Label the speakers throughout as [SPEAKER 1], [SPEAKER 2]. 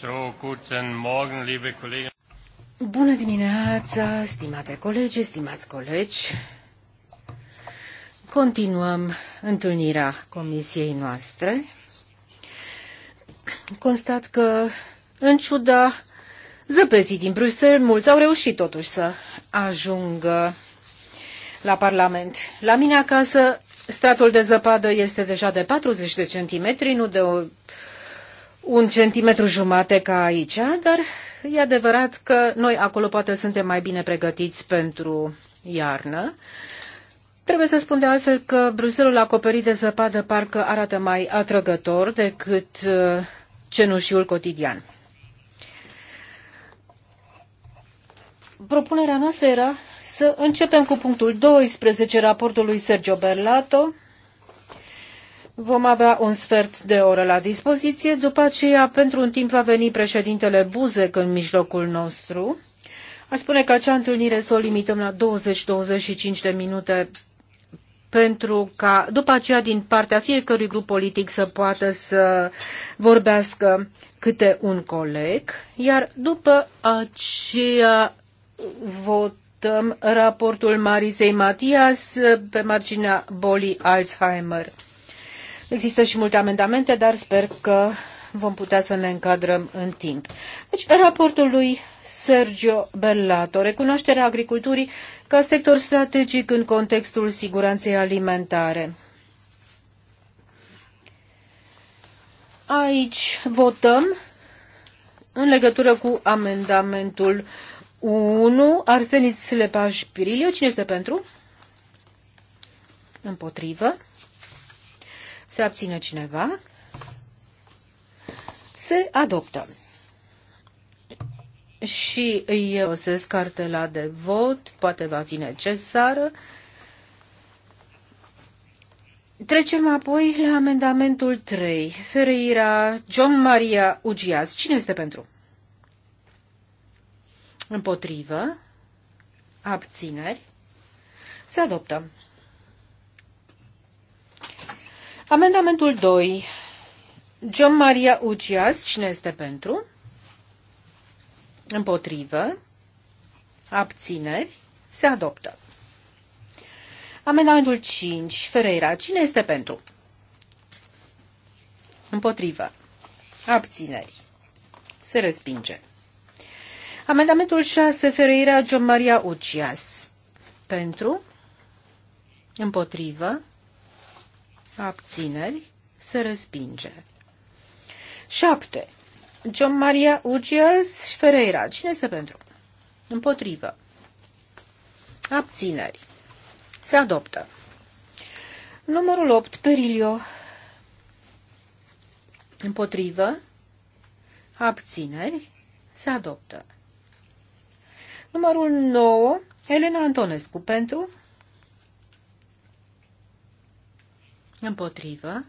[SPEAKER 1] So, guten Morgen, liebe Kollegen.
[SPEAKER 2] Bună dimineața, stimate colegi, stimați colegi. Continuăm întâlnirea comisiei noastre. Constat că, în ciuda zăpezii din Bruxelles, mulți au reușit totuși să ajungă la Parlament. La mine acasă, stratul de zăpadă este deja de 40 de centimetri, nu de o un centimetru jumate ca aici, dar e adevărat că noi acolo poate suntem mai bine pregătiți pentru iarnă. Trebuie să spun de altfel că Bruselul acoperit de zăpadă parcă arată mai atrăgător decât uh, cenușiul cotidian. Propunerea noastră era să începem cu punctul 12 raportului Sergio Berlato, Vom avea un sfert de oră la dispoziție, după aceea pentru un timp va veni președintele Buzec în mijlocul nostru. Aș spune că acea întâlnire să o limităm la 20-25 de minute pentru ca după aceea din partea fiecărui grup politic să poată să vorbească câte un coleg, iar după aceea votăm raportul Marisei Matias pe marginea bolii Alzheimer. Există și multe amendamente, dar sper că vom putea să ne încadrăm în timp. Deci, raportul lui Sergio Bellato, recunoașterea agriculturii ca sector strategic în contextul siguranței alimentare. Aici votăm în legătură cu amendamentul 1, Arsenis Lepaj Pirilio. Cine este pentru? Împotrivă. Se abține cineva? Se adoptă. Și îi folosesc cartela de vot, poate va fi necesară. Trecem apoi la amendamentul 3. Ferreira, John Maria Ugias. Cine este pentru? Împotrivă. Abțineri. Se adoptă. Amendamentul 2. John Maria Ucias, cine este pentru? Împotrivă. Abțineri. Se adoptă. Amendamentul 5. Ferreira, cine este pentru? Împotrivă. Abțineri. Se respinge. Amendamentul 6. Ferreira, John Maria Ucias. Pentru. Împotrivă abțineri, se respinge. 7. John Maria Ugias și Ferreira. Cine este pentru? Împotrivă. Abțineri. Se adoptă. Numărul 8. Perilio. Împotrivă. Abțineri. Se adoptă. Numărul 9. Elena Antonescu pentru. Împotrivă.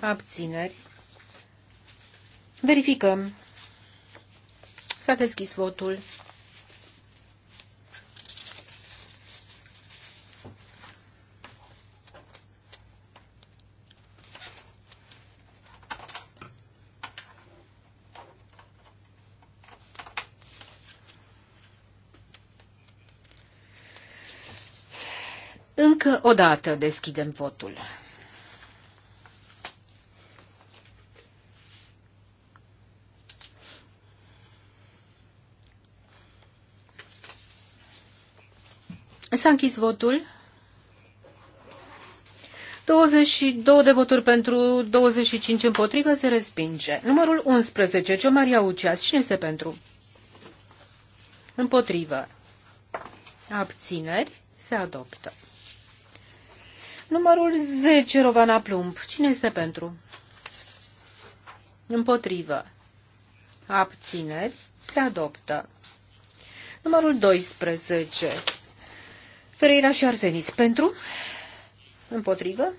[SPEAKER 2] Abțineri. Verificăm. S-a deschis votul. Încă o dată deschidem votul. S-a închis votul. 22 de voturi pentru, 25 împotrivă, se respinge. Numărul 11, Cio Maria Uceas. Cine este pentru? Împotrivă. Abțineri, se adoptă. Numărul 10, Rovana Plumb. Cine este pentru? Împotrivă. Abțineri. Se adoptă. Numărul 12. Ferreira și Arsenis. Pentru? Împotrivă.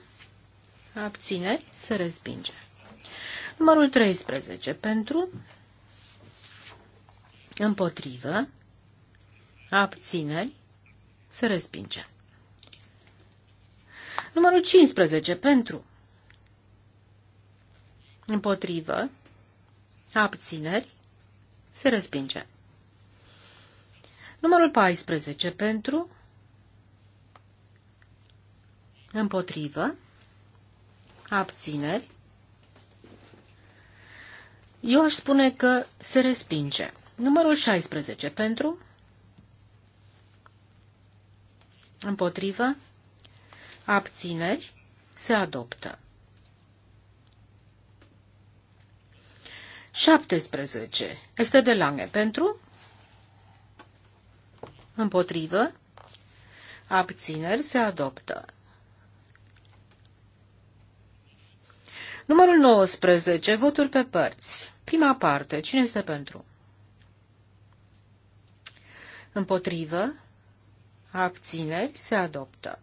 [SPEAKER 2] Abțineri. Se respinge. Numărul 13. Pentru? Împotrivă. Abțineri. Se respinge. Numărul 15 pentru. Împotrivă. Abțineri. Se respinge. Numărul 14 pentru. Împotrivă. Abțineri. Eu aș spune că se respinge. Numărul 16 pentru. Împotrivă abțineri, se adoptă. 17. Este de lange pentru, împotrivă, abțineri, se adoptă. Numărul 19. Votul pe părți. Prima parte. Cine este pentru? Împotrivă. Abțineri. Se adoptă.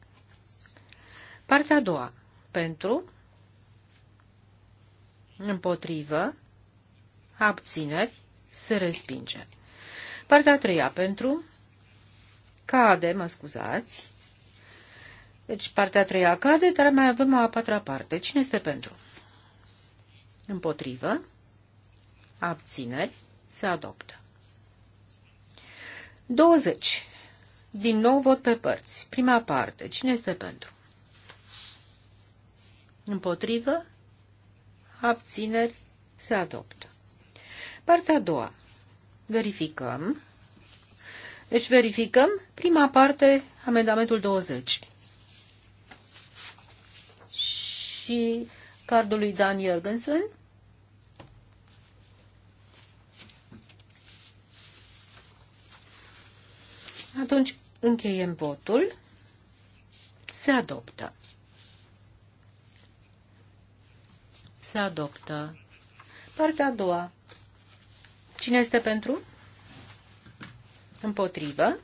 [SPEAKER 2] Partea a doua. Pentru, împotrivă, abțineri, se respinge. Partea a treia. Pentru, cade, mă scuzați. Deci partea a treia cade, dar mai avem o a patra parte. Cine este pentru? Împotrivă, abțineri, se adoptă. 20. Din nou vot pe părți. Prima parte. Cine este pentru? Împotrivă? Abțineri? Se adoptă. Partea a doua. Verificăm. Deci verificăm prima parte, amendamentul 20. Și cardul lui Dan Jorgensen. Atunci încheiem votul. Se adoptă. Se adoptă. Partea a doua. Cine este pentru? Împotrivă.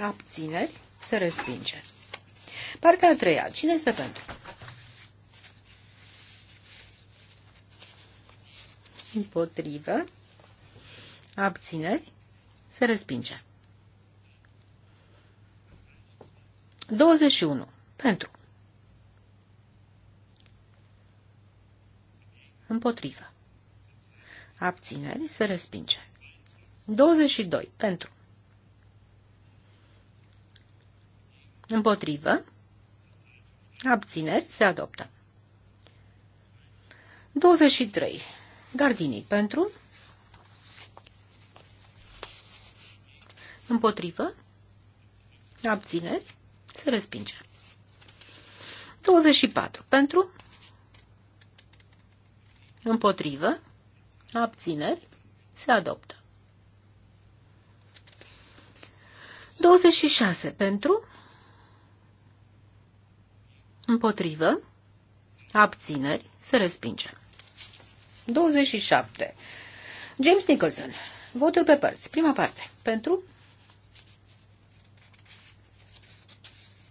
[SPEAKER 2] Abțineri. Se respinge. Partea a treia. Cine este pentru? Împotrivă. Abțineri. Se respinge. 21. Pentru. Împotrivă. Abțineri se respinge. 22. Pentru. Împotrivă. Abțineri se adoptă. 23. Gardinii pentru. Împotrivă. Abțineri se respinge. 24. Pentru. Împotrivă. Abțineri. Se adoptă. 26 pentru. Împotrivă. Abțineri. Se respinge. 27. James Nicholson. Votul pe părți. Prima parte. Pentru.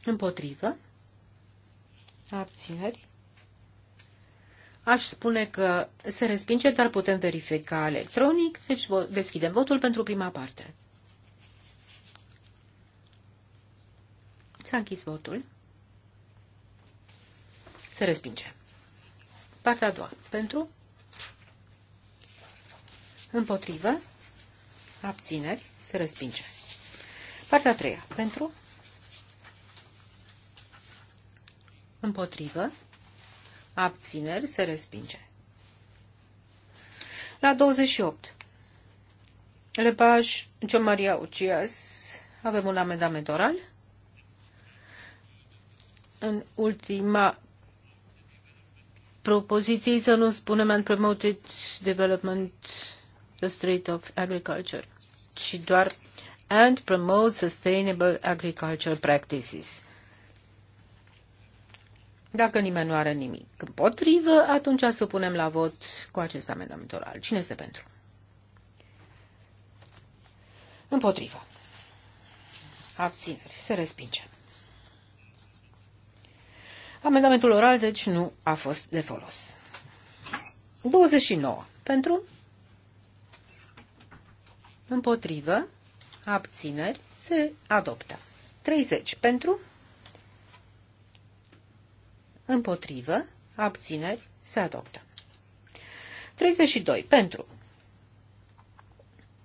[SPEAKER 2] Împotrivă. Abțineri. Aș spune că se respinge, dar putem verifica electronic. Deci deschidem votul pentru prima parte. S-a închis votul. Se respinge. Partea a doua. Pentru? Împotrivă? Abțineri? Se respinge. Partea a treia. Pentru? Împotrivă? abțineri, se respinge. La 28. Lepaj Gio Maria Ucias. Avem un amendament oral. În ultima propoziție să nu spunem and promoted development the street of agriculture, ci doar and promote sustainable agriculture practices. Dacă nimeni nu are nimic împotrivă, atunci să punem la vot cu acest amendament oral. Cine este pentru? Împotrivă. Abțineri. Se respinge. Amendamentul oral, deci, nu a fost de folos. 29. Pentru? Împotrivă. Abțineri. Se adoptă. 30. Pentru? Împotrivă. Abțineri. Se adoptă. 32. Pentru.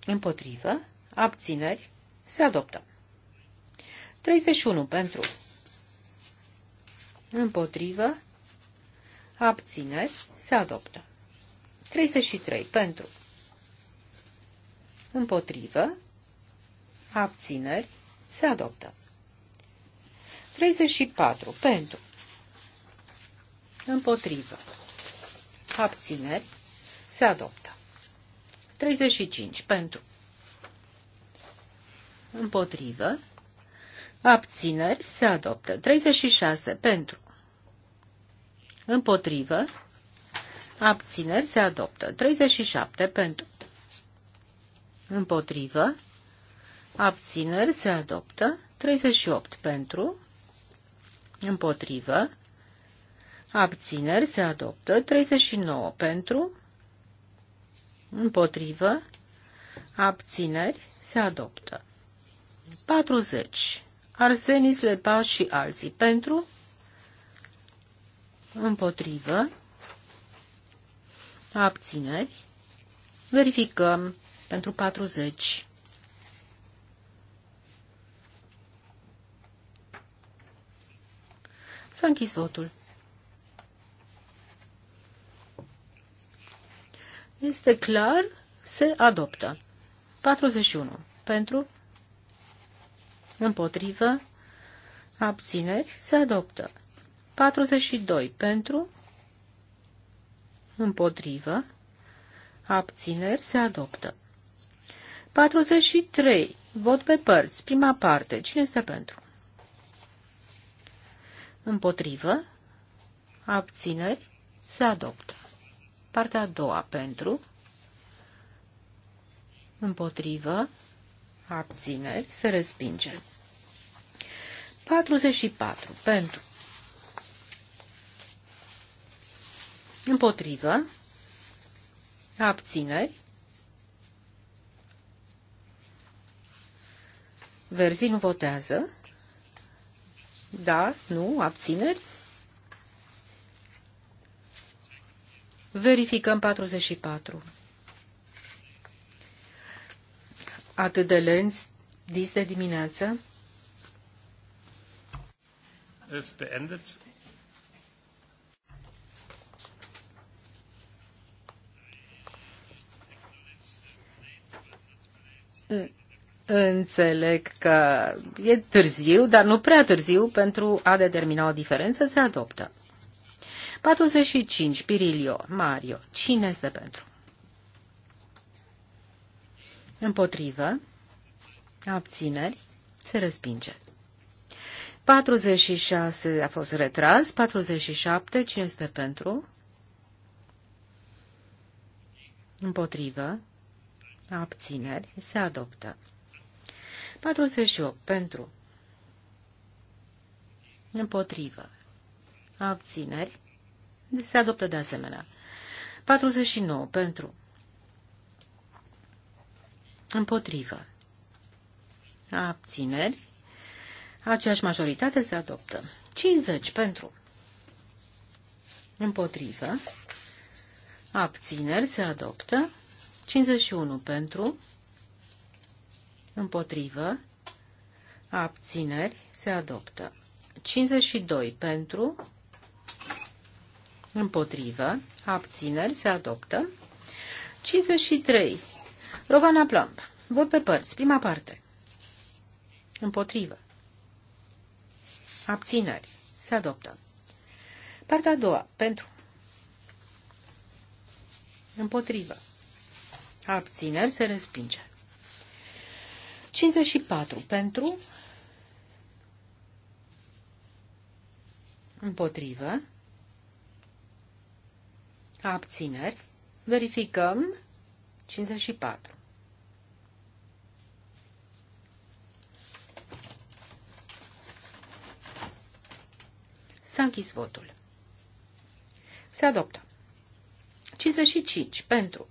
[SPEAKER 2] Împotrivă. Abțineri. Se adoptă. 31. Pentru. Împotrivă. Abțineri. Se adoptă. 33. Pentru. Împotrivă. Abțineri. Se adoptă. 34. Pentru. Împotrivă. Abțineri. Se adoptă. 35. Pentru. Împotrivă. Abțineri. Se adoptă. 36. Pentru. Împotrivă. Abțineri. Se adoptă. 37. Pentru. Împotrivă. Abțineri. Se adoptă. 38. Pentru. Împotrivă. Abțineri se adoptă. 39 pentru. Împotrivă. Abțineri se adoptă. 40. Arsenis Lepa și alții pentru. Împotrivă. Abțineri. Verificăm pentru 40. S-a închis votul. Este clar, se adoptă. 41. Pentru, împotrivă, abțineri, se adoptă. 42. Pentru, împotrivă, abțineri, se adoptă. 43. Vot pe părți. Prima parte. Cine este pentru? Împotrivă, abțineri, se adoptă. Partea a doua pentru, împotrivă, abțineri, se respinge. 44 pentru, împotrivă, abțineri, Verzii nu votează. Da, nu, abțineri. Verificăm 44. Atât de lenți dis de dimineață.
[SPEAKER 1] Es beendet.
[SPEAKER 2] Înțeleg că e târziu, dar nu prea târziu pentru a determina o diferență, se adoptă. 45, Pirilio, Mario. Cine este pentru? Împotrivă. Abțineri. Se respinge. 46 a fost retras. 47. Cine este pentru? Împotrivă. Abțineri. Se adoptă. 48. Pentru. Împotrivă. Abțineri. Se adoptă de asemenea. 49 pentru. Împotrivă. Abțineri. Aceeași majoritate se adoptă. 50 pentru. Împotrivă. Abțineri se adoptă. 51 pentru. Împotrivă. Abțineri se adoptă. 52 pentru. Împotrivă. Abțineri. Se adoptă. 53. Rovana Plumb. Vot pe părți. Prima parte. Împotrivă. Abțineri. Se adoptă. Partea a doua. Pentru. Împotrivă. Abțineri. Se respinge. 54. Pentru. Împotrivă abțineri, verificăm 54. S-a închis votul. Se adoptă. 55 pentru.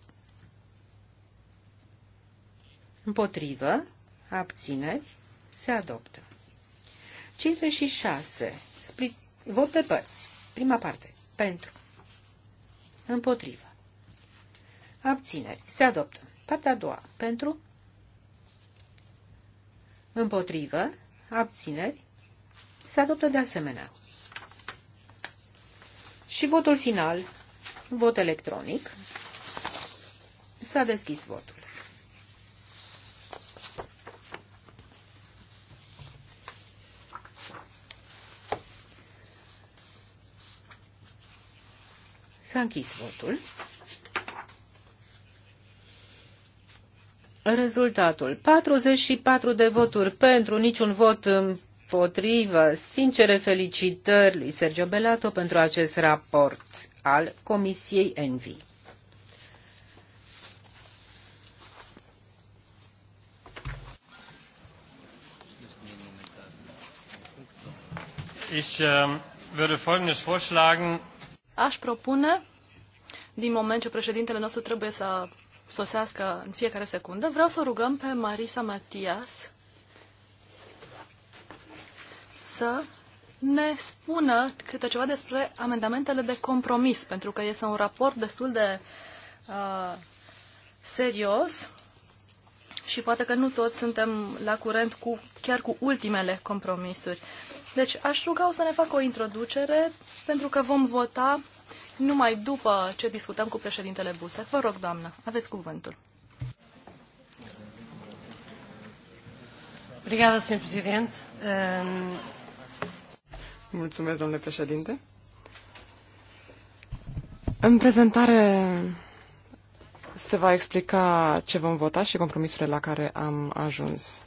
[SPEAKER 2] Împotrivă. Abțineri. Se adoptă. 56. Spri... Vot pe părți. Prima parte. Pentru. Împotrivă. Abțineri. Se adoptă. Partea a doua. Pentru. Împotrivă. Abțineri. Se adoptă de asemenea. Și votul final. Vot electronic. S-a deschis votul. S-a închis votul. Rezultatul 44 de voturi pentru, niciun vot împotrivă. Sincere felicitări lui Sergio Belato pentru acest raport al Comisiei Envi.
[SPEAKER 1] Ich ähm, würde Folgendes vorschlagen.
[SPEAKER 3] Aș propune, din moment ce președintele nostru trebuie să sosească în fiecare secundă, vreau să o rugăm pe Marisa Matias să ne spună câte ceva despre amendamentele de compromis, pentru că este un raport destul de uh, serios și poate că nu toți suntem la curent cu, chiar cu ultimele compromisuri. Deci aș ruga o să ne facă o introducere, pentru că vom vota numai după ce discutăm cu președintele Busec. Vă rog, doamnă, aveți cuvântul.
[SPEAKER 2] Obrigada, senhor Presidente. Ehm,
[SPEAKER 4] Mulțumesc, domnule președinte. În prezentare se va explica ce vom vota și compromisurile la care am ajuns.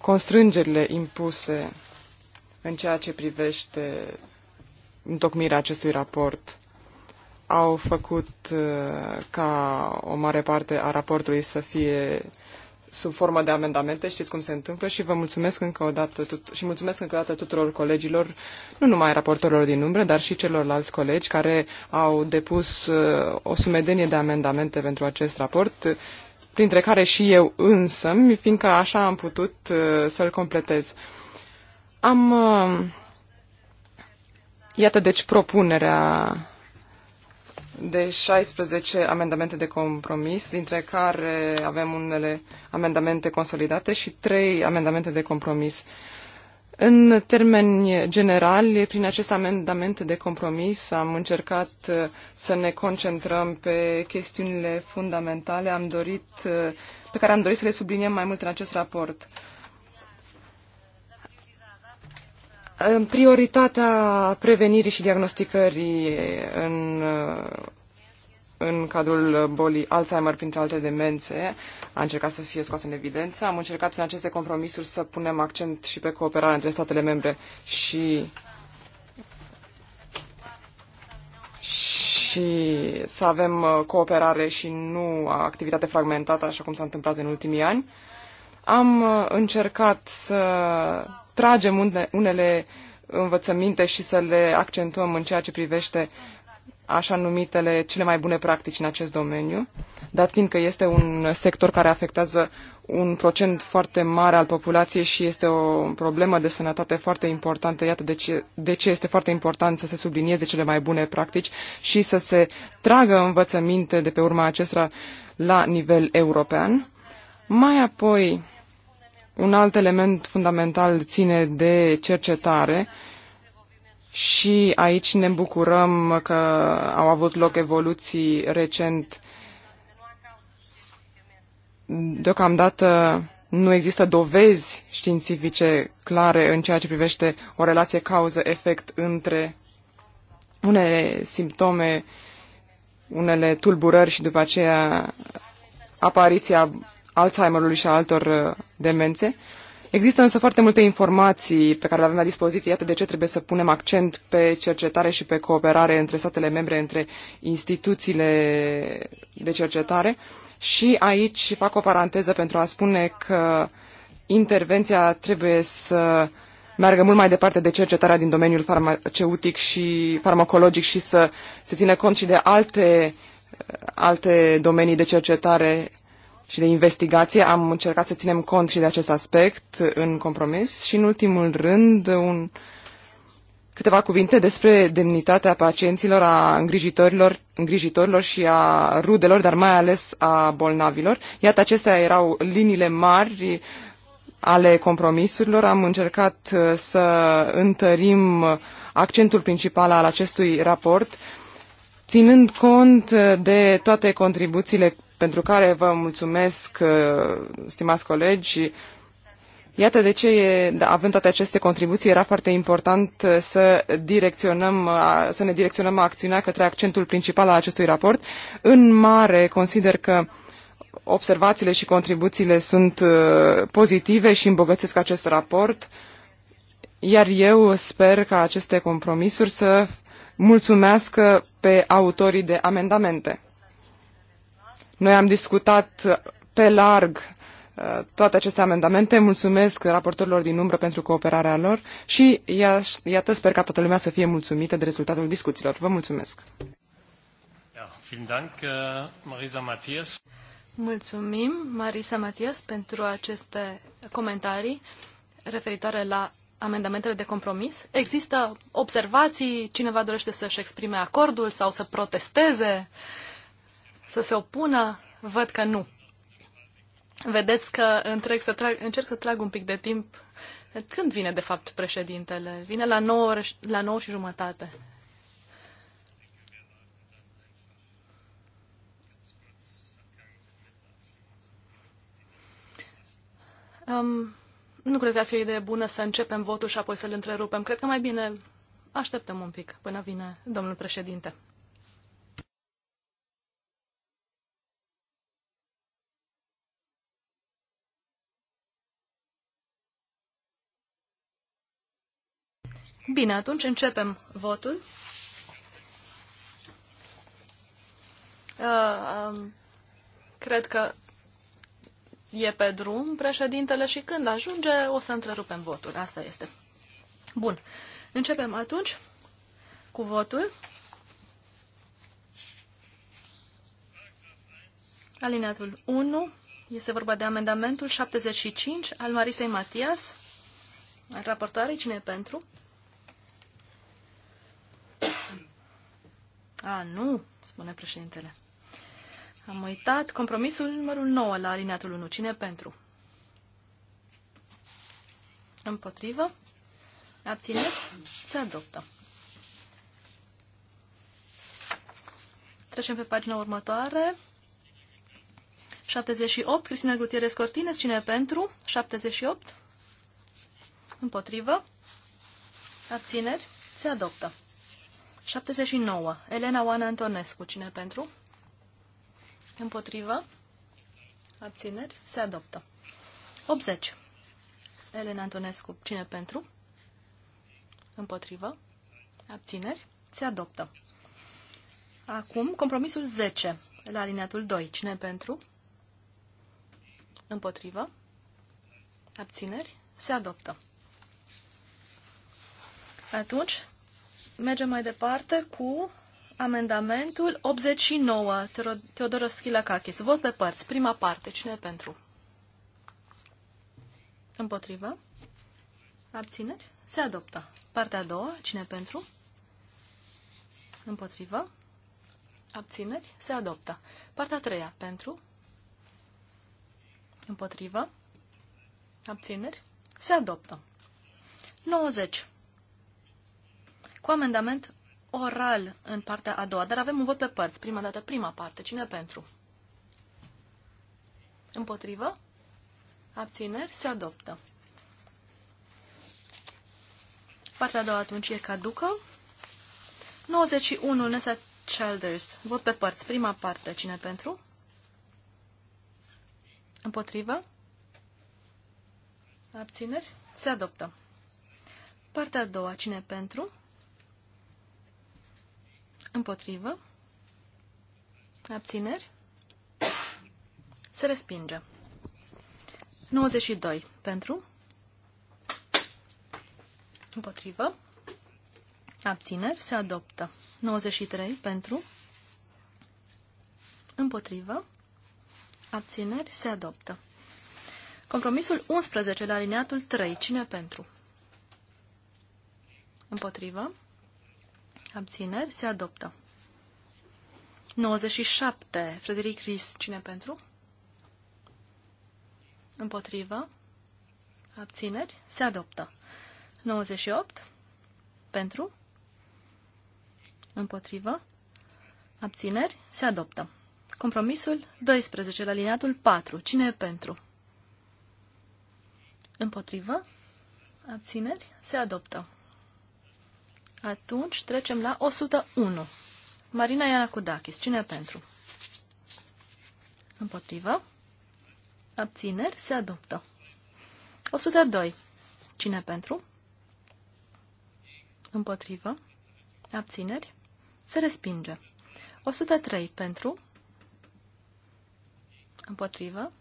[SPEAKER 4] Constrângerile impuse în ceea ce privește întocmirea acestui raport au făcut uh, ca o mare parte a raportului să fie sub formă de amendamente, știți cum se întâmplă și vă mulțumesc încă o dată tut- și mulțumesc încă o dată tuturor colegilor, nu numai raportorilor din umbră, dar și celorlalți colegi care au depus uh, o sumedenie de amendamente pentru acest raport, printre care și eu însă, fiindcă așa am putut uh, să-l completez. Am... Uh, iată deci propunerea de 16 amendamente de compromis, dintre care avem unele amendamente consolidate și trei amendamente de compromis. În termeni generali, prin aceste amendamente de compromis am încercat uh, să ne concentrăm pe chestiunile fundamentale am dorit, uh, pe care am dorit să le subliniem mai mult în acest raport. prioritatea prevenirii și diagnosticării în, în cadrul bolii Alzheimer, printre alte demențe, a încercat să fie scoasă în evidență. Am încercat prin aceste compromisuri să punem accent și pe cooperarea între statele membre și și să avem uh, cooperare și nu activitate fragmentată, așa cum s-a întâmplat în ultimii ani. Am uh, încercat să tragem unele învățăminte și să le accentuăm în ceea ce privește așa numitele cele mai bune practici în acest domeniu, dat fiindcă este un sector care afectează un procent foarte mare al populației și este o problemă de sănătate foarte importantă. Iată de ce, de ce este foarte important să se sublinieze cele mai bune practici și să se tragă învățăminte de pe urma acestora la nivel european. Mai apoi, un alt element fundamental ține de cercetare și aici ne bucurăm că au avut loc evoluții recent. Deocamdată nu există dovezi științifice clare în ceea ce privește o relație cauză-efect între unele simptome, unele tulburări și după aceea apariția Alzheimerului și a altor uh, demențe. Există însă foarte multe informații pe care le avem la dispoziție, iată de ce trebuie să punem accent pe cercetare și pe cooperare între statele membre, între instituțiile de cercetare. Și aici fac o paranteză pentru a spune că intervenția trebuie să meargă mult mai departe de cercetarea din domeniul farmaceutic și farmacologic și să se țină cont și de alte, alte domenii de cercetare și de investigație. Am încercat să ținem cont și de acest aspect în compromis și, în ultimul rând, un, câteva cuvinte despre demnitatea pacienților, a îngrijitorilor, îngrijitorilor și a rudelor, dar mai ales a bolnavilor. Iată, acestea erau liniile mari ale compromisurilor. Am încercat uh, să întărim accentul principal al acestui raport ținând cont uh, de toate contribuțiile pentru care vă mulțumesc, uh, stimați colegi, Iată de ce, e, da, având toate aceste contribuții, era foarte important uh, să, direcționăm, să ne direcționăm acțiunea către accentul principal al acestui raport. În mare, consider că observațiile și contribuțiile sunt pozitive și îmbogățesc acest raport, iar eu sper ca aceste compromisuri să Mulțumesc pe autorii de amendamente. Noi am discutat uh, pe larg uh, toate aceste amendamente. Mulțumesc raportorilor din umbră pentru cooperarea lor și iată sper ca toată lumea să fie mulțumită de rezultatul discuțiilor. Vă mulțumesc!
[SPEAKER 1] Uh,
[SPEAKER 3] Mulțumim, Marisa Matias, pentru aceste comentarii referitoare la amendamentele de compromis? Există observații? Cineva dorește să-și exprime acordul sau să protesteze? Să se opună? Văd că nu. Vedeți că încerc să trag, încerc să trag un pic de timp. Când vine, de fapt, președintele? Vine la 9, la 9 și jumătate. Um, nu cred că ar fi o idee bună să începem votul și apoi să-l întrerupem. Cred că mai bine așteptăm un pic până vine domnul președinte. Bine, atunci începem votul. Uh, um, cred că e pe drum președintele și când ajunge o să întrerupem votul. Asta este. Bun. Începem atunci cu votul. Alineatul 1. Este vorba de amendamentul 75 al Marisei Matias, al raportoarei. Cine e pentru? A, nu, spune președintele. Am uitat compromisul numărul 9 la alineatul 1. Cine pentru? Împotrivă? Abțineri? Se adoptă. Trecem pe pagina următoare. 78, Cristina Gutierrez Cortines, cine pentru? 78. Împotrivă. Abțineri. Se adoptă. 79. Elena Oana Antonescu, cine pentru? Împotrivă. Abțineri. Se adoptă. 80. Elena Antonescu. Cine pentru? Împotrivă. Abțineri. Se adoptă. Acum, compromisul 10, la alineatul 2. Cine pentru? Împotrivă. Abțineri. Se adoptă. Atunci, mergem mai departe cu Amendamentul 89, Teodoros Schilacakis. Vot pe părți. Prima parte. Cine e pentru? Împotrivă. Abțineri. Se adoptă. Partea a doua. Cine e pentru? Împotrivă. Abțineri. Se adoptă. Partea a treia. Pentru? Împotrivă. Abțineri. Se adoptă. 90. Cu amendament oral în partea a doua, dar avem un vot pe părți. Prima dată, prima parte. Cine pentru? Împotrivă? Abțineri? Se adoptă. Partea a doua atunci e caducă. 91, Nessa Childers. Vot pe părți. Prima parte. Cine pentru? Împotrivă? Abțineri? Se adoptă. Partea a doua. Cine pentru? Împotrivă. Abțineri. Se respinge. 92. Pentru. Împotrivă. Abțineri. Se adoptă. 93. Pentru. Împotrivă. Abțineri. Se adoptă. Compromisul 11 la alineatul 3. Cine pentru? Împotrivă. Abțineri se adoptă. 97. Frederic Ries. Cine pentru? Împotrivă. Abțineri se adoptă. 98. Pentru. Împotrivă. Abțineri se adoptă. Compromisul 12 la liniatul 4. Cine e pentru? Împotrivă. Abțineri se adoptă. Atunci trecem la 101. Marina Ianacudakis. Cine pentru? Împotrivă. Abțineri. Se adoptă. 102. Cine pentru? Împotrivă. Abțineri. Se respinge. 103 pentru. Împotrivă.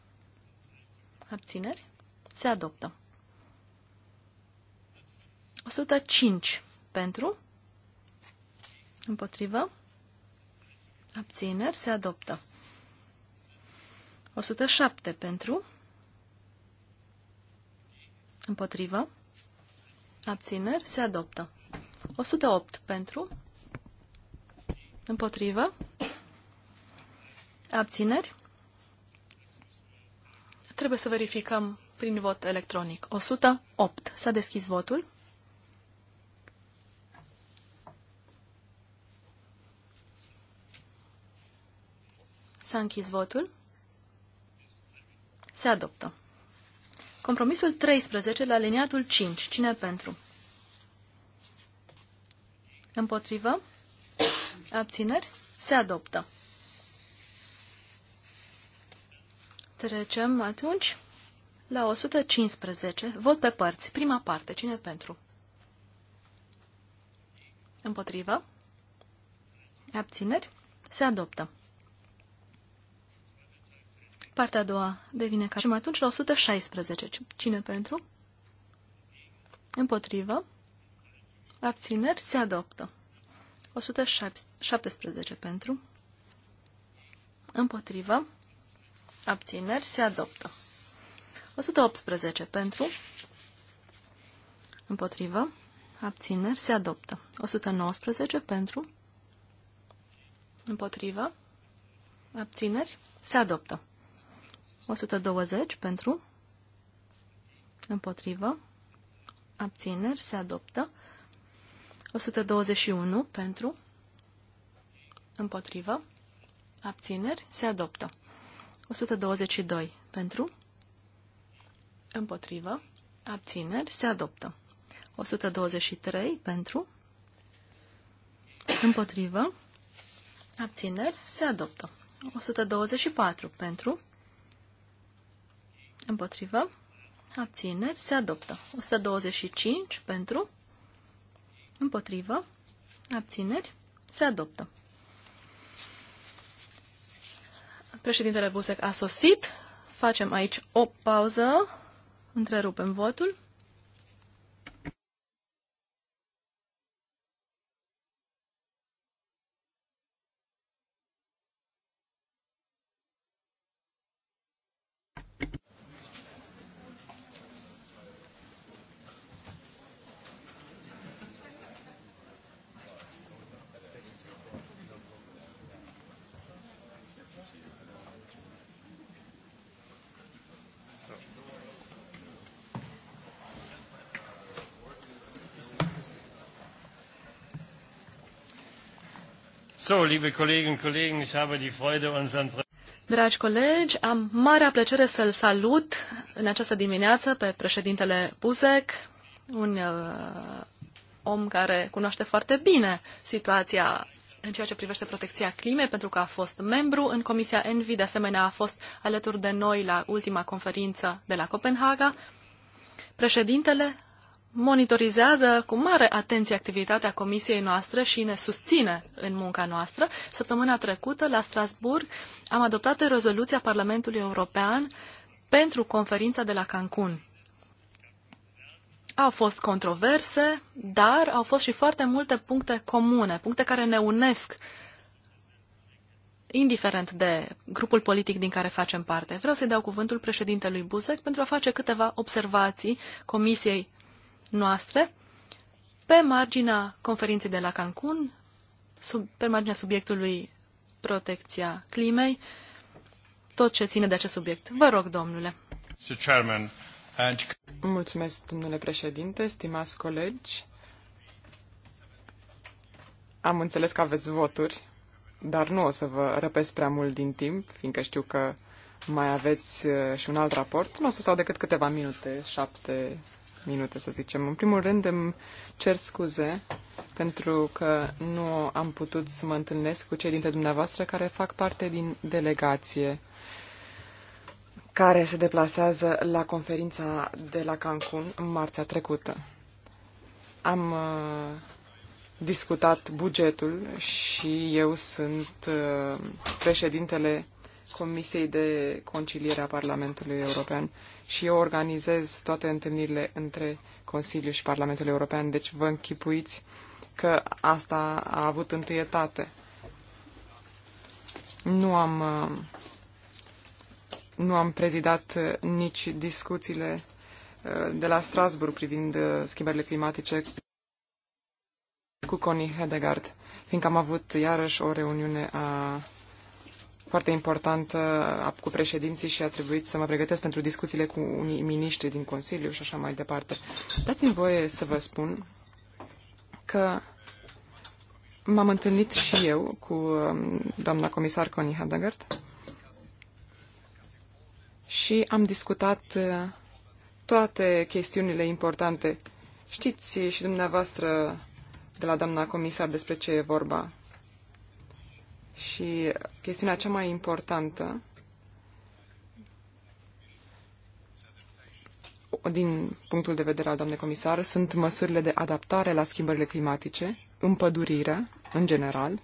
[SPEAKER 3] Abțineri. Se adoptă. 105 pentru? Împotrivă? Abțineri se adoptă. 107 pentru? Împotrivă? Abțineri se adoptă. 108 pentru? Împotrivă? Abțineri? Trebuie să verificăm prin vot electronic. 108. S-a deschis votul. S-a închis votul. Se adoptă. Compromisul 13 la aliniatul 5. Cine pentru? Împotrivă? Abțineri? Se adoptă. Trecem atunci la 115. Vot pe părți. Prima parte. Cine pentru? Împotrivă? Abțineri? Se adoptă. Partea a doua devine ca și atunci la 116. Cine pentru? Împotrivă. Abțineri se adoptă. 117 pentru. Împotrivă. Abțineri se adoptă. 118 pentru. Împotrivă. Abțineri se adoptă. 119 pentru. Împotrivă. Abțineri se adoptă. 120 pentru, împotrivă, abțineri, se adoptă. 121 pentru, împotrivă, abțineri, se adoptă. 122 pentru, împotrivă, abțineri, se adoptă. 123 pentru, împotrivă, abțineri, se adoptă. 124 pentru, Împotrivă. Abțineri. Se adoptă. 125 pentru. Împotrivă. Abțineri. Se adoptă. Președintele Busec a sosit. Facem aici o pauză. Întrerupem votul.
[SPEAKER 1] So, liebe Kolleginnen und Kollegen, ich habe die Freude, unseren
[SPEAKER 3] Dragi colegi, am marea plăcere să-l salut în această dimineață pe președintele Buzek, un uh, om care cunoaște foarte bine situația în ceea ce privește protecția climei, pentru că a fost membru în Comisia Envi, de asemenea a fost alături de noi la ultima conferință de la Copenhaga. Președintele monitorizează cu mare atenție activitatea comisiei noastre și ne susține în munca noastră. Săptămâna trecută, la Strasburg, am adoptat rezoluția Parlamentului European pentru conferința de la Cancun. Au fost controverse, dar au fost și foarte multe puncte comune, puncte care ne unesc indiferent de grupul politic din care facem parte. Vreau să-i dau cuvântul președintelui Buzek pentru a face câteva observații Comisiei noastre pe marginea conferinței de la Cancun, sub, pe marginea subiectului protecția climei, tot ce ține de acest subiect. Vă rog, domnule.
[SPEAKER 4] Mulțumesc, domnule președinte, stimați colegi. Am înțeles că aveți voturi, dar nu o să vă răpesc prea mult din timp, fiindcă știu că mai aveți uh, și un alt raport. Nu o să stau decât câteva minute, șapte, minute, să zicem. În primul rând îmi cer scuze pentru că nu am putut să mă întâlnesc cu cei dintre dumneavoastră care fac parte din delegație care se deplasează la conferința de la Cancun marțea trecută. Am uh, discutat bugetul și eu sunt uh, președintele Comisiei de Conciliere a Parlamentului European și eu organizez toate întâlnirile între Consiliu și Parlamentul European, deci vă închipuiți că asta a avut întâietate. Nu am, nu am prezidat nici discuțiile uh, de la Strasburg privind uh, schimbările climatice cu Connie Hedegaard, fiindcă am avut iarăși o reuniune a foarte important, uh, cu președinții și a trebuit să mă pregătesc pentru discuțiile cu unii miniștri din Consiliu și așa mai departe. Dați-mi voie să vă spun că m-am întâlnit și eu cu um, doamna comisar Connie Hedegaard și am discutat uh, toate chestiunile importante. Știți și dumneavoastră de la doamna comisar despre ce e vorba. Și chestiunea cea mai importantă din punctul de vedere al doamnei comisar, sunt măsurile de adaptare la schimbările climatice, împădurirea, în general,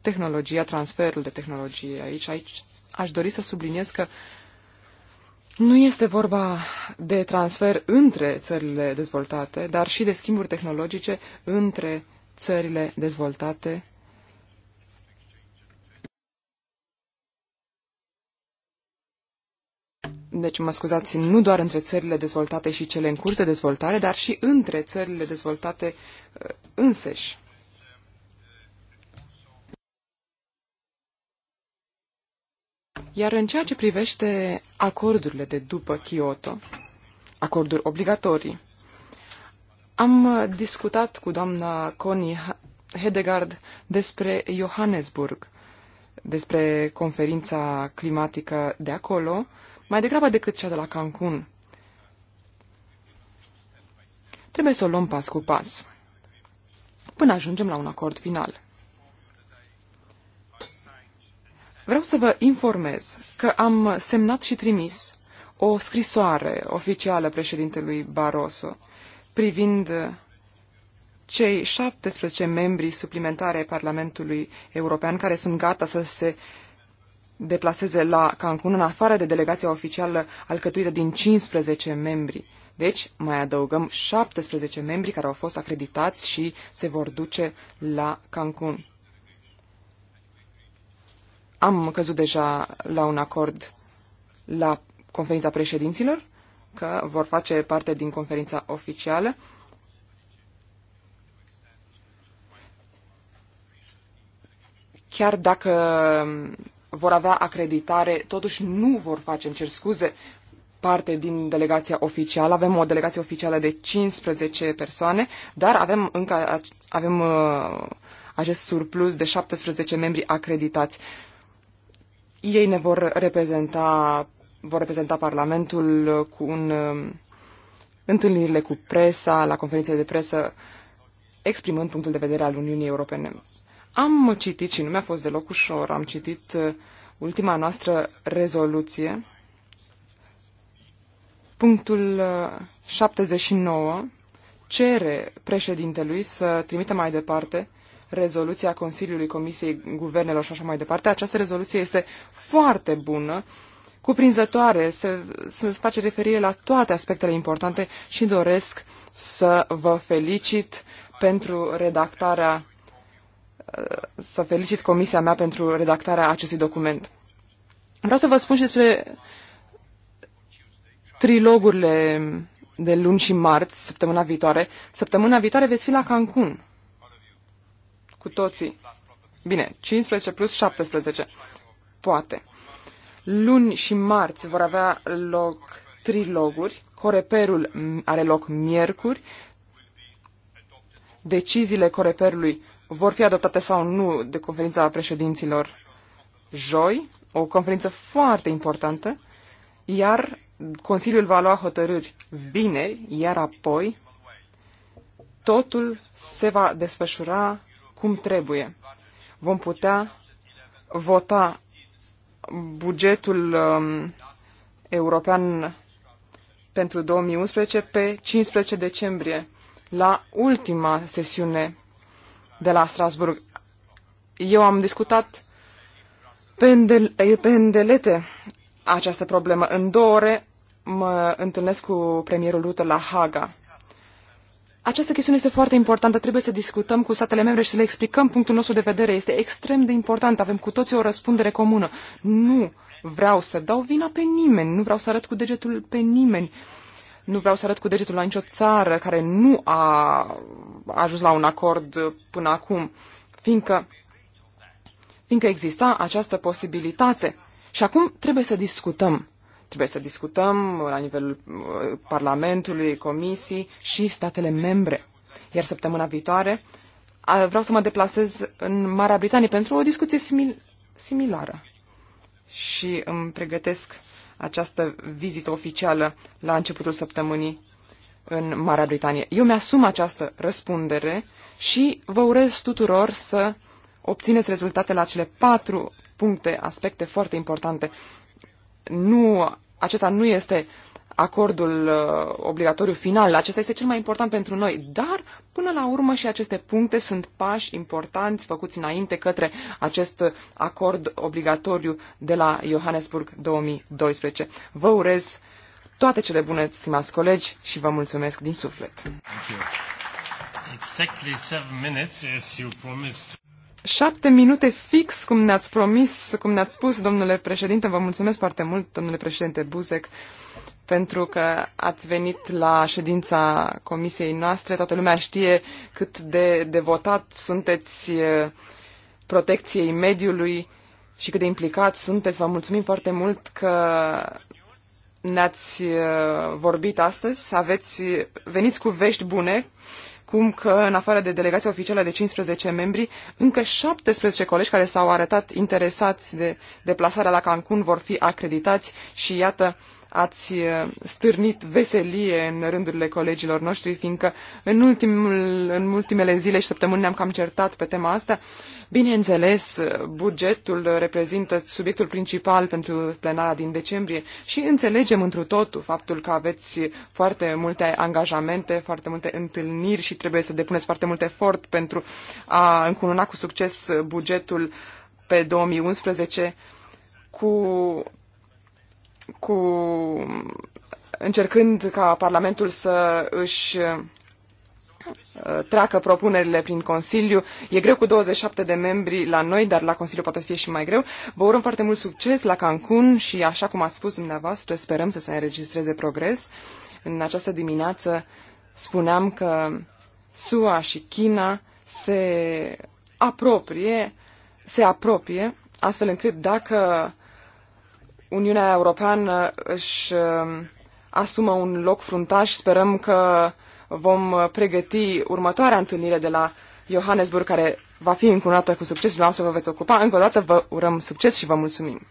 [SPEAKER 4] tehnologia, transferul de tehnologie aici. Aici aș dori să subliniez că nu este vorba de transfer între țările dezvoltate, dar și de schimburi tehnologice între țările dezvoltate deci mă scuzați, nu doar între țările dezvoltate și cele în curs de dezvoltare, dar și între țările dezvoltate uh, înseși. Iar în ceea ce privește acordurile de după Kyoto, acorduri obligatorii, am uh, discutat cu doamna Connie Hedegard despre Johannesburg, despre conferința climatică de acolo, uh, mai degrabă decât cea de la Cancun. Trebuie să o luăm pas cu pas, până ajungem la un acord final. Vreau să vă informez că am semnat și trimis o scrisoare oficială președintelui Barroso privind cei 17 membri suplimentare ai Parlamentului European care sunt gata să se deplaseze la Cancun, în afară de delegația oficială alcătuită din 15 membri. Deci, mai adăugăm 17 membri care au fost acreditați și se vor duce la Cancun. Am căzut deja la un acord la conferința președinților, că vor face parte din conferința oficială. Chiar dacă vor avea acreditare, totuși nu vor face, îmi cer scuze, parte din delegația oficială. Avem o delegație oficială de 15 persoane, dar avem încă avem uh, acest surplus de 17 membri acreditați. Ei ne vor reprezenta vor reprezenta Parlamentul uh, cu un uh, întâlnirile cu presa, la conferințe de presă, exprimând punctul de vedere al Uniunii Europene. Am citit și nu mi-a fost deloc ușor, am citit uh, ultima noastră rezoluție, punctul 79 uh, cere președintelui să trimită mai departe rezoluția Consiliului Comisiei Guvernelor și așa mai departe. Această rezoluție este foarte bună, cuprinzătoare, se, se face referire la toate aspectele importante și doresc să vă felicit pentru redactarea să felicit comisia mea pentru redactarea acestui document. Vreau să vă spun și despre trilogurile de luni și marți, săptămâna viitoare. Săptămâna viitoare veți fi la Cancun. Cu toții. Bine, 15 plus 17. Poate. Luni și marți vor avea loc triloguri. Coreperul are loc miercuri. Deciziile coreperului vor fi adoptate sau nu de conferința președinților joi, o conferință foarte importantă, iar Consiliul va lua hotărâri vineri, iar apoi totul se va desfășura cum trebuie. Vom putea vota bugetul um, european pentru 2011 pe 15 decembrie, la ultima sesiune de la Strasburg. Eu am discutat pe, îndelete această problemă. În două ore mă întâlnesc cu premierul Rutte la Haga. Această chestiune este foarte importantă. Trebuie să discutăm cu statele membre și să le explicăm punctul nostru de vedere. Este extrem de important. Avem cu toții o răspundere comună. Nu vreau să dau vina pe nimeni. Nu vreau să arăt cu degetul pe nimeni. Uh, nu vreau să arăt cu degetul la nicio țară care nu a ajuns la un acord până acum, fiindcă, fiindcă exista această posibilitate. Și acum trebuie să discutăm. Trebuie să discutăm la nivelul uh, Parlamentului, Comisii și statele membre. Iar săptămâna viitoare vreau să mă deplasez în Marea Britanie pentru o discuție simil- similară. Și îmi pregătesc această vizită oficială la începutul săptămânii în Marea Britanie. Eu mi-asum această răspundere și vă urez tuturor să obțineți rezultate la cele patru puncte, aspecte foarte importante. Nu, acesta nu este uh, acordul uh, obligatoriu final. Acesta este cel mai important pentru noi, dar până la urmă și aceste puncte sunt pași importanți făcuți înainte către acest acord obligatoriu de la Johannesburg 2012. Vă urez toate cele bune, stimați colegi, și vă mulțumesc din suflet.
[SPEAKER 1] Exactly
[SPEAKER 4] Șapte minute fix, cum ne-ați promis, cum ne-ați spus, domnule președinte. Vă mulțumesc foarte mult, domnule președinte Buzek pentru că ați venit la ședința comisiei noastre. Toată lumea știe cât de devotat sunteți eh, protecției mediului și cât de implicați sunteți. Vă mulțumim foarte mult că ne-ați eh, vorbit astăzi. Aveți, veniți cu vești bune, cum că în afară de delegația oficială de 15 membri, încă 17 colegi care s-au arătat interesați de deplasarea la Cancun vor fi acreditați și iată, ați uh, stârnit veselie în rândurile colegilor noștri, fiindcă în, ultimul, în ultimele zile și săptămâni ne-am cam certat pe tema asta. Bineînțeles, uh, bugetul reprezintă subiectul principal pentru plenara din decembrie și înțelegem întru totul faptul că aveți foarte multe angajamente, foarte multe întâlniri și trebuie să depuneți foarte mult efort pentru a încununa cu succes bugetul pe 2011 cu cu încercând ca Parlamentul să își uh, treacă propunerile prin Consiliu. E greu cu 27 de membri la noi, dar la Consiliu poate fi și mai greu. Vă urăm foarte mult succes la Cancun și, așa cum ați spus dumneavoastră, sperăm să se înregistreze progres. În această dimineață spuneam că SUA și China se apropie, se apropie astfel încât dacă Uniunea Europeană își uh, asumă un loc fruntaș. Sperăm că vom pregăti următoarea întâlnire de la Johannesburg, care va fi încunată cu succes. Dumneavoastră vă veți ocupa. Încă o dată vă urăm succes și vă mulțumim.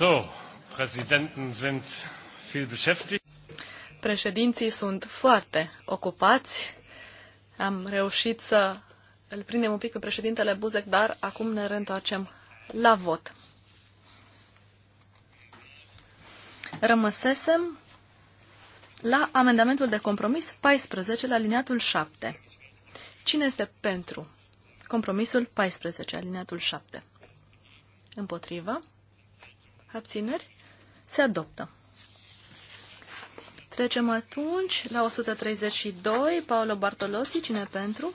[SPEAKER 1] So, Präsidenten sind viel beschäftigt.
[SPEAKER 3] Președinții sunt foarte ocupați. Am reușit să îl prindem un pic pe președintele Buzek, dar acum ne reîntoarcem la vot. Rămăsesem la amendamentul de compromis 14, la liniatul 7. Cine este pentru? Compromisul 14, aliniatul 7. Împotrivă abțineri, se adoptă. Trecem atunci la 132, Paolo Bartolozzi, cine pentru?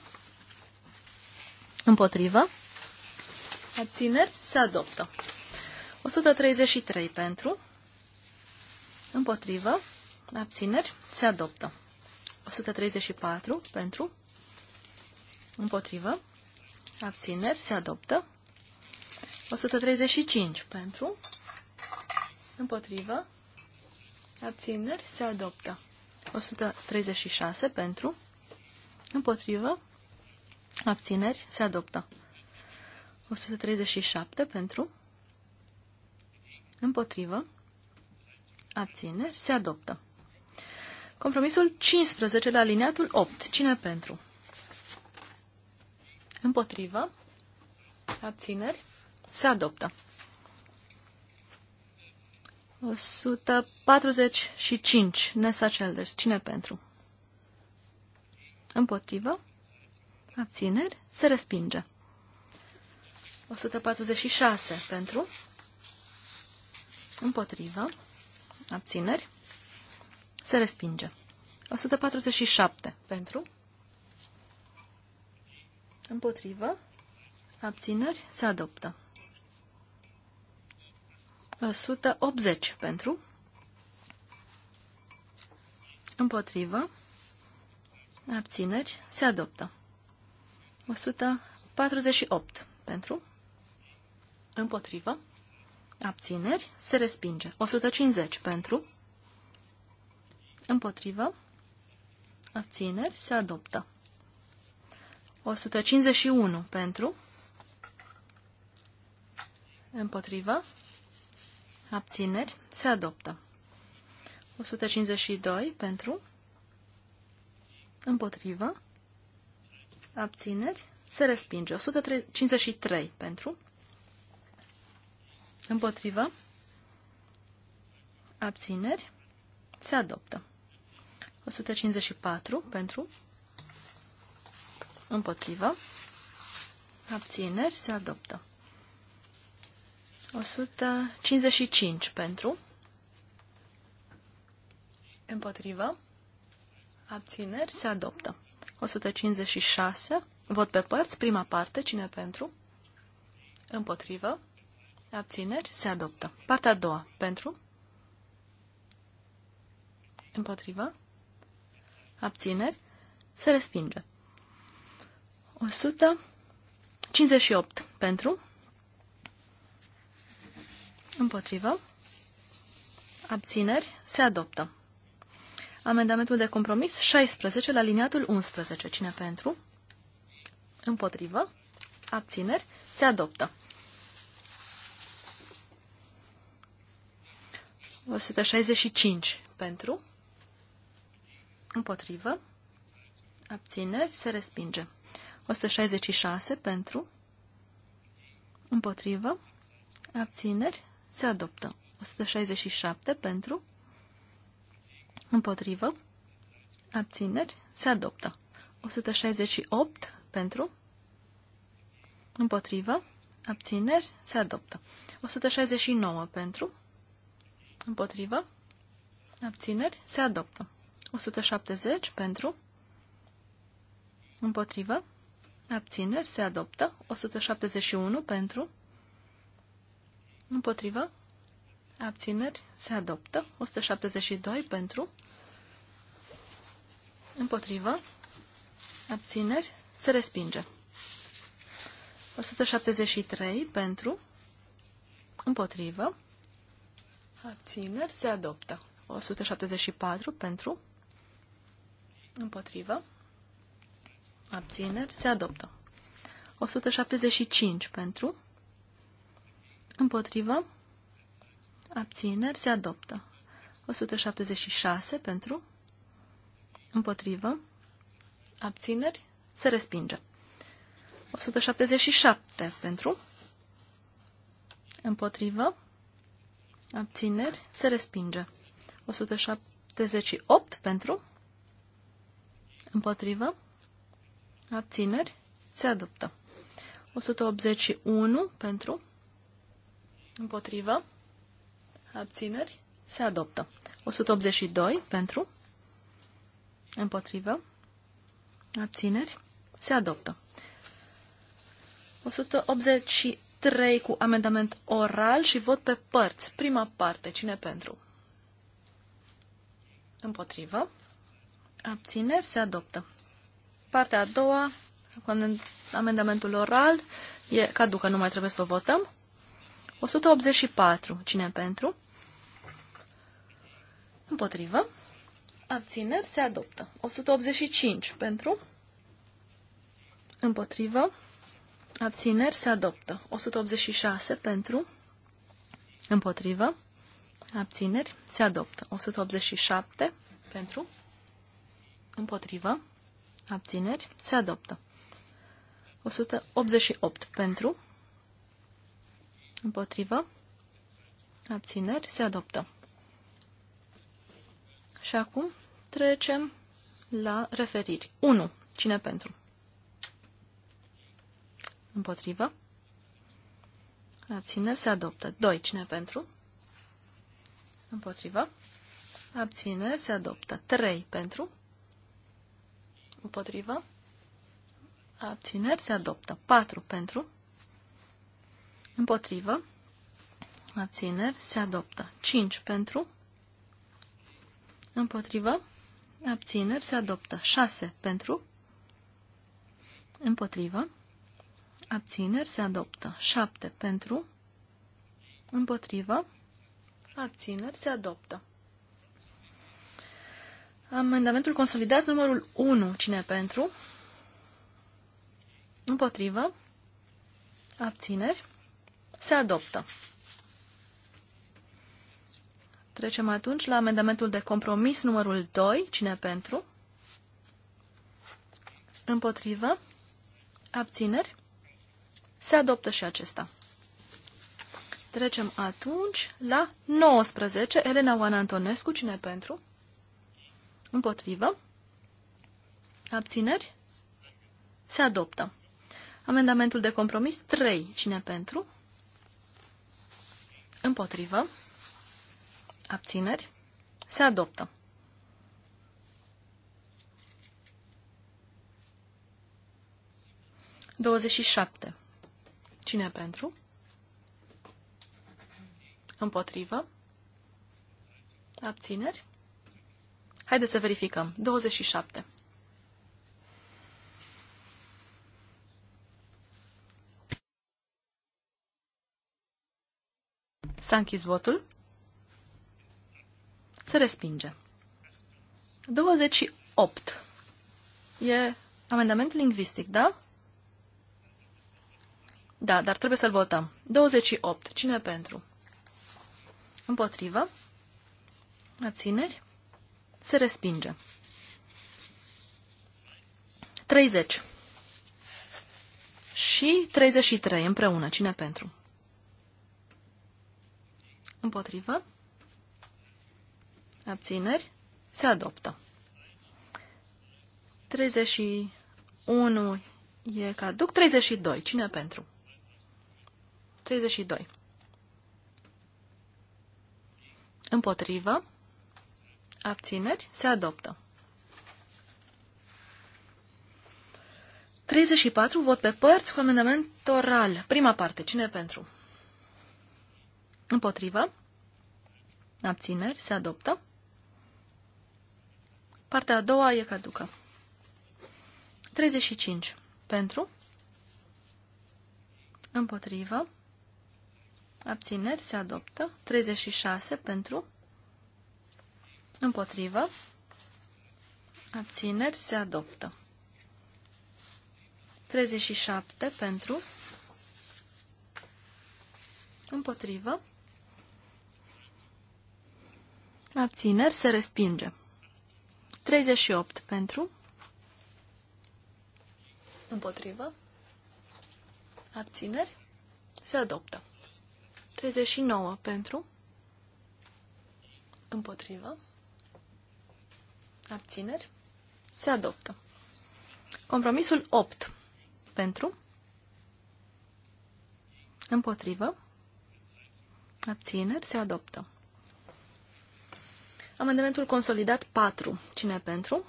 [SPEAKER 3] Împotrivă. Abțineri, se adoptă. 133 pentru. Împotrivă. Abțineri, se adoptă. 134 pentru. Împotrivă. Abțineri, se adoptă. 135 pentru. Împotrivă. Abțineri. Se adoptă. 136 pentru. Împotrivă. Abțineri. Se adoptă. 137 pentru. Împotrivă. Abțineri. Se adoptă. Compromisul 15 la alineatul 8. Cine pentru? Împotrivă. Abțineri. Se adoptă. 145. Nessa Childers. Cine pentru? Împotrivă. Abțineri. Se respinge. 146. Pentru. Împotrivă. Abțineri. Se respinge. 147. Pentru. Împotrivă. Abțineri. Se adoptă. 180 pentru, împotrivă, abțineri, se adoptă. 148 pentru, împotrivă, abțineri, se respinge. 150 pentru, împotrivă, abțineri, se adoptă. 151 pentru, împotrivă, abțineri, se adoptă. 152 pentru, împotrivă, abțineri, se respinge. 153 pentru, împotrivă, abțineri, se adoptă. 154 pentru, împotrivă, abțineri, se adoptă. 155 pentru. Împotrivă. Abțineri se adoptă. 156. Vot pe părți. Prima parte. Cine pentru? Împotrivă. Abțineri se adoptă. Partea a doua. Pentru. Împotrivă. Abțineri se respinge. 158 pentru. Împotrivă. Abțineri. Se adoptă. Amendamentul de compromis 16 la liniatul 11. Cine pentru? Împotrivă. Abțineri. Se adoptă. 165 pentru. Împotrivă. Abțineri. Se respinge. 166 pentru. Împotrivă. Abțineri se adoptă. 167 pentru, împotrivă, abțineri, se adoptă. 168 pentru, împotrivă, abțineri, se adoptă. 169 pentru, împotrivă, abțineri, se adoptă. 170 pentru, împotrivă, abțineri, se adoptă. 171 pentru, Împotrivă. Abțineri. Se adoptă. 172 pentru. Împotrivă. Abțineri. Se respinge. 173 pentru. Împotrivă. Abțineri. Se adoptă. 174 pentru. Împotrivă. Abțineri. Se adoptă. 175 pentru. Împotrivă. Abțineri se adoptă. 176 pentru. Împotrivă. Abțineri se respinge. 177 pentru. Împotrivă. Abțineri se respinge. 178 pentru. Împotrivă. Abțineri se adoptă. 181 pentru. Împotrivă. Abțineri. Se adoptă. 182 pentru. Împotrivă. Abțineri. Se adoptă. 183 cu amendament oral și vot pe părți. Prima parte. Cine pentru? Împotrivă. Abțineri. Se adoptă. Partea a doua, cu amendamentul oral, e caducă, nu mai trebuie să o votăm. 184. Cine pentru? Împotrivă. Abțineri se adoptă. 185 pentru. Împotrivă. Abțineri se adoptă. 186 pentru. Împotrivă. Abțineri se adoptă. 187 pentru. Împotrivă. Abțineri se adoptă. 188 pentru. Împotrivă. Abțineri. Se adoptă. Și acum trecem la referiri. 1. Cine pentru? Împotrivă. Abțineri. Se adoptă. 2. Cine pentru? Împotrivă. Abțineri. Se adoptă. 3. Pentru? Împotrivă. Abțineri. Se adoptă. 4. Pentru? Împotrivă. Abțineri. Se adoptă. 5 pentru. Împotrivă. Abțineri. Se adoptă. 6 pentru. Împotrivă. Abțineri. Se adoptă. 7 pentru. Împotrivă. Abțineri. Se adoptă. Amendamentul consolidat numărul 1. Cine pentru? Împotrivă. Abțineri. Se adoptă. Trecem atunci la amendamentul de compromis numărul 2. Cine pentru? Împotrivă? Abțineri? Se adoptă și acesta. Trecem atunci la 19. Elena Oana Antonescu. Cine pentru? Împotrivă? Abțineri? Se adoptă. Amendamentul de compromis 3. Cine pentru? Împotrivă. Abțineri. Se adoptă. Douăzeci și șapte. Cine pentru? Împotrivă. Abțineri. Haideți să verificăm. 27. S-a închis votul. Se respinge. 28. E amendament lingvistic, da? Da, dar trebuie să-l votăm. 28. Cine pentru? Împotrivă. ațineri, Se respinge. 30. Și 33 împreună. Cine pentru? Împotrivă. Abțineri. Se adoptă. 31 e caduc. 32. Cine pentru? 32. Împotrivă. Abțineri. Se adoptă. 34. Vot pe părți cu amendament oral. Prima parte. Cine pentru? Împotrivă. Abțineri. Se adoptă. Partea a doua e caducă. 35. Pentru. Împotrivă. Abțineri. Se adoptă. 36. Pentru. Împotrivă. Abțineri. Se adoptă. 37. Pentru. Împotrivă. Abțineri se respinge. 38 pentru. Împotrivă. Abțineri se adoptă. 39 pentru. Împotrivă. Abțineri se adoptă. Compromisul 8 pentru. Împotrivă. Abțineri se adoptă. Amendamentul consolidat 4. Cine pentru?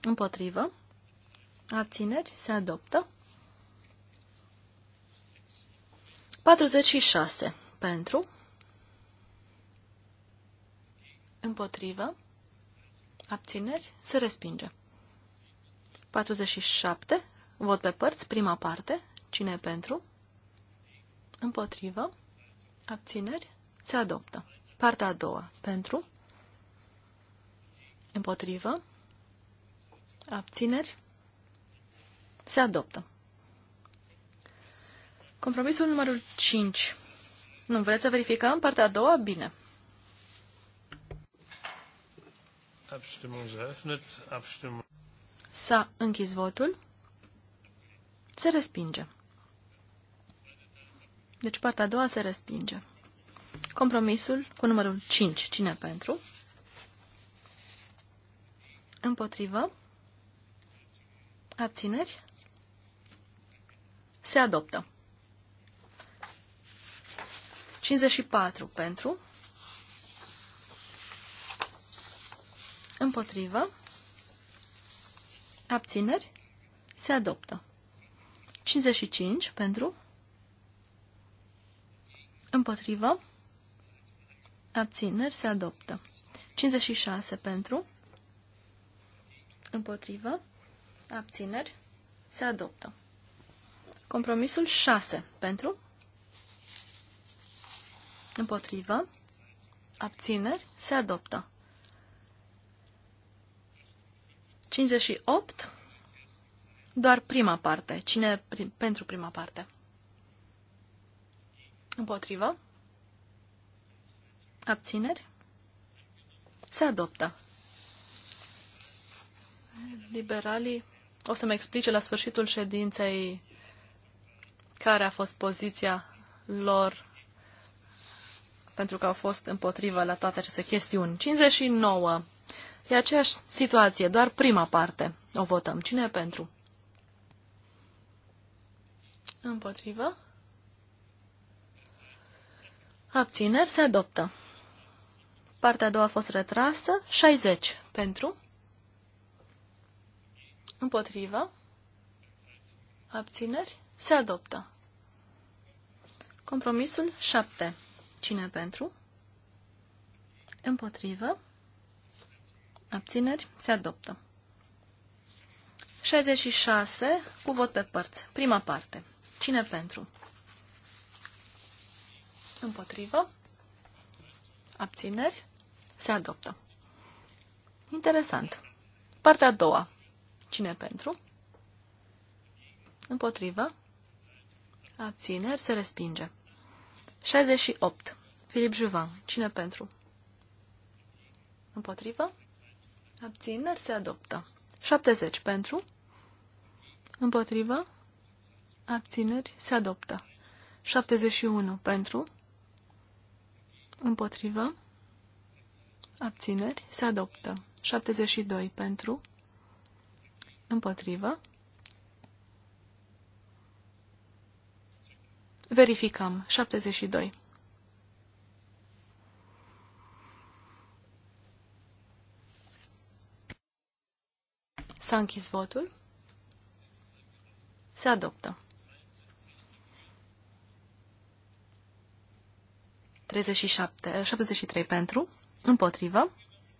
[SPEAKER 3] Împotrivă. Abțineri. Se adoptă. 46. Pentru. Împotrivă. Abțineri. Se respinge. 47. Vot pe părți. Prima parte. Cine e pentru? Împotrivă. Abțineri. Se adoptă. Partea a doua. Pentru. Împotrivă. Abțineri. Se adoptă. Compromisul numărul 5. Nu vreți să verificăm partea a doua? Bine. S-a închis votul. Se respinge. Deci partea a doua se respinge. Compromisul cu numărul 5. Cine pentru? Împotrivă. Abțineri. Se adoptă. 54 pentru. Împotrivă. Abțineri. Se adoptă. 55 pentru. Împotrivă. Abțineri se adoptă. 56 pentru. Împotrivă. Abțineri se adoptă. Compromisul 6 pentru. Împotrivă. Abțineri se adoptă. 58. Doar prima parte. Cine pentru prima parte? Împotrivă. Abțineri? Se adoptă. Liberalii o să-mi explice la sfârșitul ședinței care a fost poziția lor pentru că au fost împotriva la toate aceste chestiuni. 59. E aceeași situație, doar prima parte. O votăm. Cine e pentru? Împotrivă. Abțineri se adoptă. Partea a doua a fost retrasă. 60 pentru. Împotrivă. Abțineri. Se adoptă. Compromisul 7. Cine pentru? Împotrivă. Abțineri. Se adoptă. 66. Cu vot pe părți. Prima parte. Cine pentru? Împotrivă. Abțineri. Se adoptă. Interesant. Partea a doua. Cine pentru? Împotrivă. Abțineri se respinge. 68. Filip Juvan. Cine pentru? Împotrivă. Abțineri se adoptă. 70 pentru. Împotrivă. Abțineri se adoptă. 71 pentru. Împotrivă. Abțineri. Se adoptă. 72 pentru. Împotrivă. Verificăm. 72. S-a închis votul. Se adoptă. 37, 73 pentru. Împotrivă.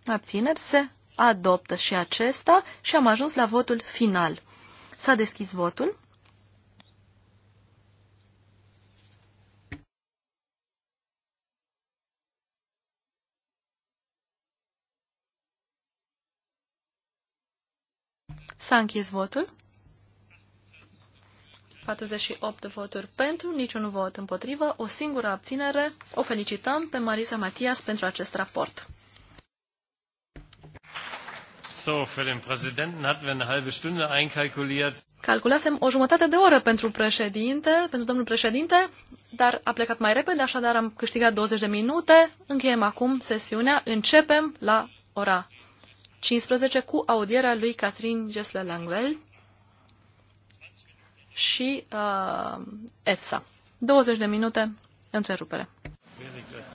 [SPEAKER 3] Abțineri. Se adoptă și acesta și am ajuns la votul final. S-a deschis votul. S-a închis votul. 48 voturi pentru, niciun vot împotrivă, o singură abținere. O felicităm pe Marisa Matias pentru acest raport.
[SPEAKER 1] So, für den Präsidenten hatten wir eine halbe Stunde einkalkuliert.
[SPEAKER 3] Calculasem o jumătate de oră pentru președinte, pentru domnul președinte, dar a plecat mai repede, așadar am câștigat 20 de minute. Încheiem acum sesiunea. Începem la ora 15 cu audierea lui Catherine Gesle Langwell și uh, EFSA. 20 de minute, întrerupere.